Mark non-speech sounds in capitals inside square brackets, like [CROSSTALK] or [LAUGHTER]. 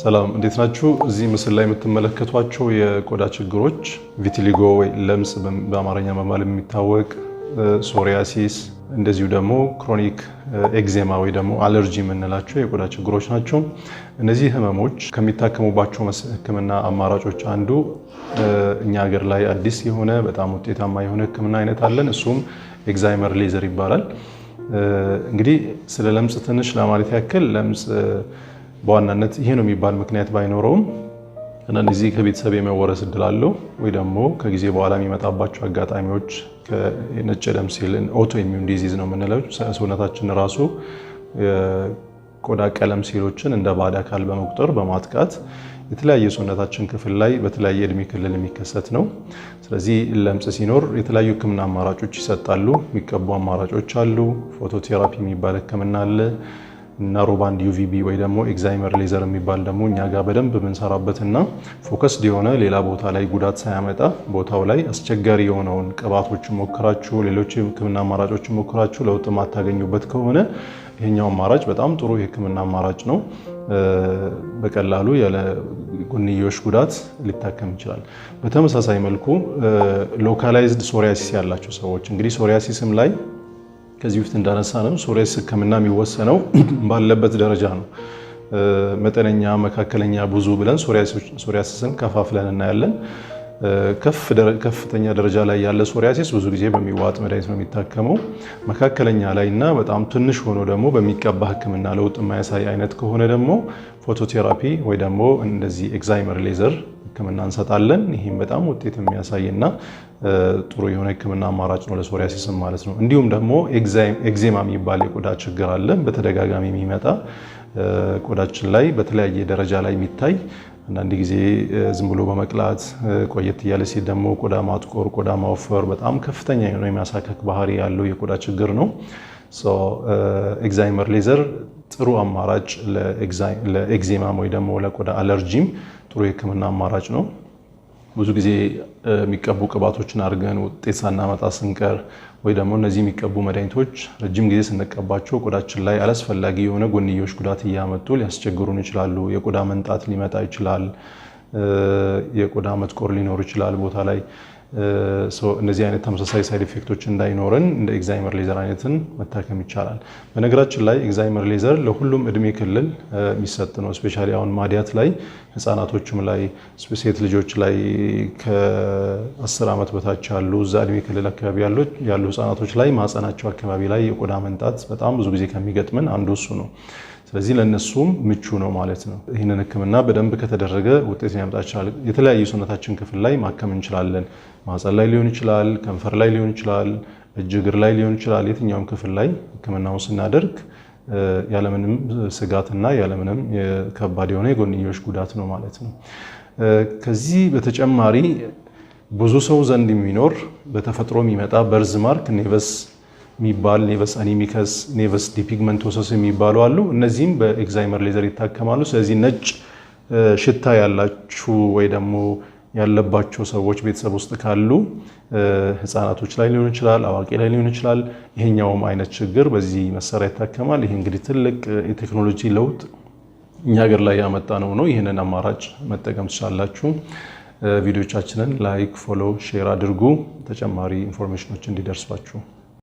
ሰላም እንዴት ናችሁ? እዚህ ምስል ላይ የምትመለከቷቸው የቆዳ ችግሮች ቪቲሊጎ ወይ ለምጽ በአማርኛ በመባል የሚታወቅ ሶሪያሲስ፣ እንደዚሁ ደግሞ ክሮኒክ ኤግዜማ ወይ ደግሞ አለርጂ የምንላቸው የቆዳ ችግሮች ናቸው። እነዚህ ህመሞች ከሚታከሙባቸው ህክምና አማራጮች አንዱ እኛ ሀገር ላይ አዲስ የሆነ በጣም ውጤታማ የሆነ ህክምና አይነት አለን። እሱም ኤግዛይመር ሌዘር ይባላል። እንግዲህ ስለ ለምጽ ትንሽ ለማለት ያክል ለምጽ በዋናነት ይሄ ነው የሚባል ምክንያት ባይኖረውም እና ጊዜ ከቤተሰብ የመወረስ እድል አለው ወይ ደግሞ ከጊዜ በኋላ የሚመጣባቸው አጋጣሚዎች ነጭ ደም ሴል ኦቶ ኢሚዩን ዲዚዝ ነው የምንለው። ሰውነታችን ራሱ ቆዳ ቀለም ሴሎችን እንደ ባዕድ አካል በመቁጠር በማጥቃት የተለያየ ሰውነታችን ክፍል ላይ በተለያየ እድሜ ክልል የሚከሰት ነው። ስለዚህ ለምጽ ሲኖር የተለያዩ ሕክምና አማራጮች ይሰጣሉ። የሚቀቡ አማራጮች አሉ። ፎቶቴራፒ የሚባል ሕክምና አለ። ናሮባንድ ዩቪቢ ወይ ደግሞ ኤግዛይመር ሌዘር የሚባል ደግሞ እኛ ጋር በደንብ የምንሰራበትና ፎከስድ የሆነ ሌላ ቦታ ላይ ጉዳት ሳያመጣ ቦታው ላይ አስቸጋሪ የሆነውን ቅባቶች ሞክራችሁ፣ ሌሎች የህክምና አማራጮች ሞክራችሁ ለውጥ ማታገኙበት ከሆነ ይሄኛው አማራጭ በጣም ጥሩ የህክምና አማራጭ ነው። በቀላሉ ያለ ጎንዮሽ ጉዳት ሊታከም ይችላል። በተመሳሳይ መልኩ ሎካላይዝድ ሶሪያሲስ ያላቸው ሰዎች እንግዲህ ሶሪያሲስም ላይ ከዚህ ውስጥ እንዳነሳ ነው ሶሪያሲስ ህክምና የሚወሰነው [CLEARS THROAT] ባለበት ደረጃ ነው። መጠነኛ፣ መካከለኛ፣ ብዙ ብለን ሶሪያሲስን ከፋፍለን እናያለን። ከፍተኛ ደረጃ ላይ ያለ ሶሪያሲስ ብዙ ጊዜ በሚዋጥ መድኃኒት ነው የሚታከመው። መካከለኛ ላይ እና በጣም ትንሽ ሆኖ ደግሞ በሚቀባ ሕክምና ለውጥ የማያሳይ አይነት ከሆነ ደግሞ ፎቶቴራፒ ወይ ደግሞ እንደዚህ ኤግዛይመር ሌዘር ሕክምና እንሰጣለን። ይህም በጣም ውጤት የሚያሳይና ጥሩ የሆነ ሕክምና አማራጭ ነው ለሶሪያሲስም ማለት ነው። እንዲሁም ደግሞ ኤግዜማ የሚባል የቆዳ ችግር አለ በተደጋጋሚ የሚመጣ ቆዳችን ላይ በተለያየ ደረጃ ላይ የሚታይ አንዳንድ ጊዜ ዝም ብሎ በመቅላት ቆየት እያለ ሲል ደግሞ ቆዳ ማጥቆር፣ ቆዳ ማወፈር በጣም ከፍተኛ የሆነ የሚያሳከክ ባህሪ ያለው የቆዳ ችግር ነው። ኤግዛይመር ሌዘር ጥሩ አማራጭ ለኤግዜማም ወይ ደግሞ ለቆዳ አለርጂም ጥሩ የሕክምና አማራጭ ነው። ብዙ ጊዜ የሚቀቡ ቅባቶችን አድርገን ውጤት ሳናመጣ ስንቀር ወይ ደግሞ እነዚህ የሚቀቡ መድኃኒቶች ረጅም ጊዜ ስንቀባቸው ቆዳችን ላይ አላስፈላጊ የሆነ ጎንዮሽ ጉዳት እያመጡ ሊያስቸግሩን ይችላሉ። የቆዳ መንጣት ሊመጣ ይችላል። የቆዳ መጥቆር ሊኖር ይችላል ቦታ ላይ እነዚህ አይነት ተመሳሳይ ሳይድ ኢፌክቶች እንዳይኖረን እንደ ኤግዛይመር ሌዘር አይነትን መታከም ይቻላል። በነገራችን ላይ ኤግዛይመር ሌዘር ለሁሉም እድሜ ክልል የሚሰጥ ነው። እስፔሻሊ አሁን ማዲያት ላይ ህፃናቶችም ላይ ሴት ልጆች ላይ ከ10 ዓመት በታች ያሉ እዛ እድሜ ክልል አካባቢ ያሉ ህፃናቶች ላይ ማህፀናቸው አካባቢ ላይ የቆዳ መንጣት በጣም ብዙ ጊዜ ከሚገጥምን አንዱ እሱ ነው። ስለዚህ ለእነሱም ምቹ ነው ማለት ነው። ይህንን ህክምና በደንብ ከተደረገ ውጤት ሊያመጣ ይችላል። የተለያዩ ሰውነታችን ክፍል ላይ ማከም እንችላለን። ማህፀን ላይ ሊሆን ይችላል፣ ከንፈር ላይ ሊሆን ይችላል፣ እጅ እግር ላይ ሊሆን ይችላል። የትኛውም ክፍል ላይ ህክምናውን ስናደርግ ያለምንም ስጋትና ያለምንም ከባድ የሆነ የጎንዮሽ ጉዳት ነው ማለት ነው። ከዚህ በተጨማሪ ብዙ ሰው ዘንድ የሚኖር በተፈጥሮ የሚመጣ በርዝ ማርክ ኔቨስ የሚባል ኔቨስ አኒሚከስ፣ ኔቨስ ዲፒግመንቶሰስ የሚባሉ አሉ። እነዚህም በኤግዛይመር ሌዘር ይታከማሉ። ስለዚህ ነጭ ሽታ ያላችሁ ወይ ደግሞ ያለባቸው ሰዎች ቤተሰብ ውስጥ ካሉ ህፃናቶች ላይ ሊሆን ይችላል፣ አዋቂ ላይ ሊሆን ይችላል። ይሄኛውም አይነት ችግር በዚህ መሳሪያ ይታከማል። ይሄ እንግዲህ ትልቅ የቴክኖሎጂ ለውጥ እኛ ሀገር ላይ ያመጣ ነው ነው ይህንን አማራጭ መጠቀም ትችላላችሁ። ቪዲዮቻችንን ላይክ፣ ፎሎ፣ ሼር አድርጉ ተጨማሪ ኢንፎርሜሽኖች እንዲደርስባችሁ።